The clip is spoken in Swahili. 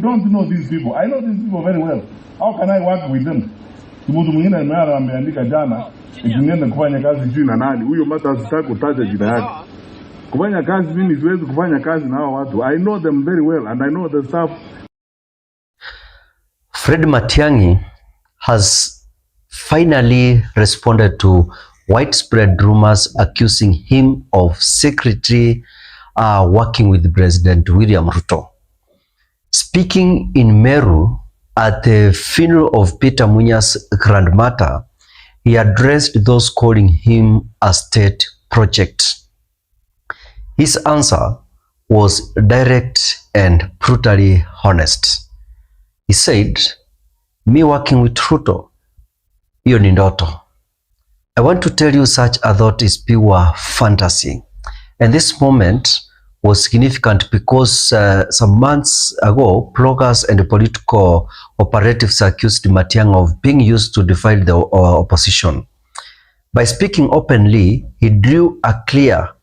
don't know these people. I know these people very well. How can I work with them? Mtu mwingine ameala ameandika jana, nikienda kufanya kazi sijui na nani huyo, hata sitaki kutaja jina yake. Kufanya kazi, mimi siwezi kufanya kazi na hao watu. I know them very well and I know the staff. Fred Matiang'i has finally responded to widespread rumors accusing him of secretly uh, working with President William Ruto. Speaking in Meru at the funeral of Peter Munya's grandmother, he addressed those calling him a state project. His answer was direct and brutally honest. He said, me working with Ruto, hiyo ni ndoto. I want to tell you such a thought is pure fantasy. And this moment was significant because uh, some months ago bloggers and political operatives accused Matiang'i of being used to defile the uh, opposition. By speaking openly, he drew a clear